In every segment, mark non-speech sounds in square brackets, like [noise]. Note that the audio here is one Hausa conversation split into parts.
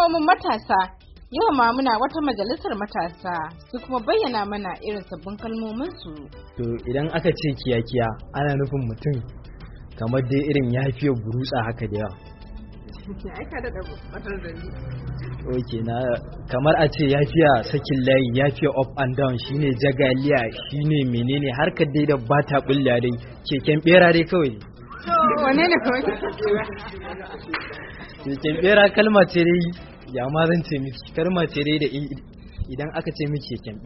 Al'ummomin matasa yau ma muna wata majalisar matasa su kuma bayyana mana irin sabbin kalmomin su. To idan aka ce kiyakiya ana nufin mutum kamar dai irin ya fi burutsa haka da yawa. [laughs] Aika Ok na kamar a ce ya fiya sakin layi ya fiya up and down ne jagaliya shine menene harkar dai da bata kulla dai keken bera dai kawai. wane ne keken bera kalma ce dai ya ma zan ce miki kalma ce dai da idan aka ce miki keken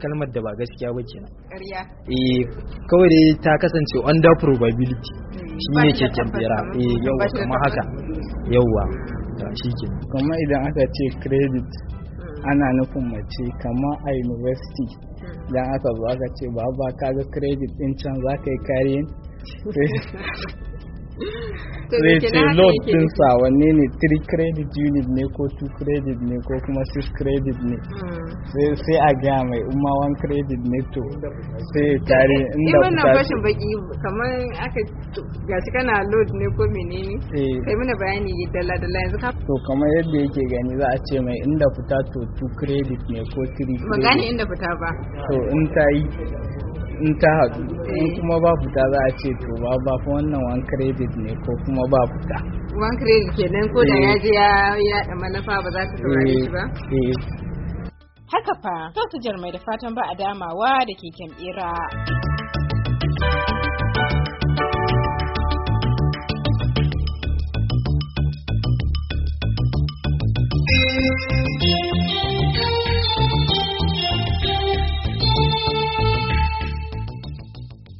kalmar da ba gaskiya ba kenan ƙarya eh kawai dai ta kasance under probability hmm, shi ne ke bera eh yawa kuma haka yawa shi ke kuma eh, idan aka ce credit hmm. ana nufin mace kama a university hmm. dan aka zo aka ce ba ba ka ga credit din can za ka yi kariyan zai ce din sa wanne ne 3 credit unit ne ko 2 credit ne ko kuma 6 credit ne sai a gaya mai umma 1 credit ne to sai ya tare eh, inda ku tafi imanin fashin baki kamar aka gashi kana load ne ko menene eh. kai mana bayani dala dala yanzu ka to kamar yadda yake gani za a ce mai inda fita to 2 credit ne ko 3 credit ba gane inda fita ba to in ta yi in ta hadu, in kuma ba fita za a ce to ba ba fi wannan one credit ne ko kuma ba fita one credit kenan ko da ya eh. je ya yaɗa manufa ba za ta saurare shi ba eh. Eh. haka fa to su jarmai da fatan ba a damawa da keken bera Thank you.